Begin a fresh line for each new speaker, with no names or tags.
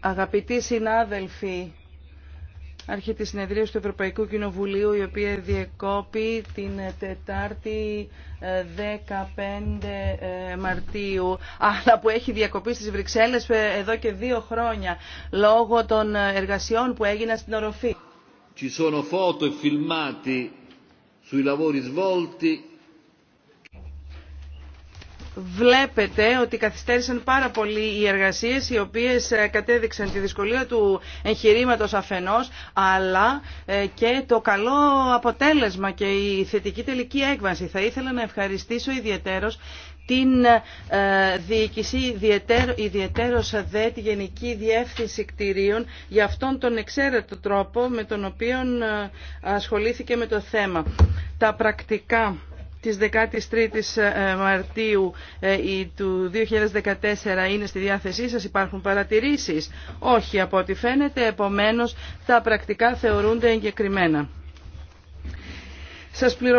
Αγαπητοί συνάδελφοι, άρχη της συνεδρίας του Ευρωπαϊκού Κοινοβουλίου, η οποία διεκόπη την Τετάρτη 15 ε, ε, Μαρτίου, αλλά που έχει διακοπεί στις Βρυξέλλες ε, εδώ και δύο χρόνια, λόγω των εργασιών που έγιναν στην οροφή.
Ci sono foto e filmati sui
βλέπετε ότι καθυστέρησαν πάρα πολύ οι εργασίες οι οποίες ε, κατέδειξαν τη δυσκολία του εγχειρήματο αφενός αλλά ε, και το καλό αποτέλεσμα και η θετική τελική έκβαση. Θα ήθελα να ευχαριστήσω ιδιαίτερος την ε, διοίκηση, ιδιαίτερος δε τη Γενική Διεύθυνση Κτηρίων για αυτόν τον εξαίρετο τρόπο με τον οποίο ασχολήθηκε με το θέμα. Τα πρακτικά της 13ης ε, ε, Μαρτίου ε, του 2014 είναι στη διάθεσή σας, υπάρχουν παρατηρήσεις. Όχι από ό,τι φαίνεται, επομένως τα πρακτικά θεωρούνται εγκεκριμένα. Σας